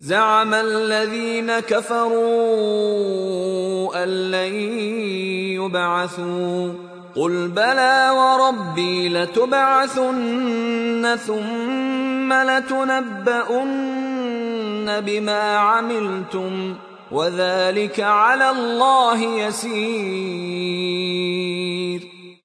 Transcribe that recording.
زعم الذين كفروا أن لن يبعثوا قل بلى وربي لتبعثن ثم لتنبؤن بما عملتم وذلك على الله يسير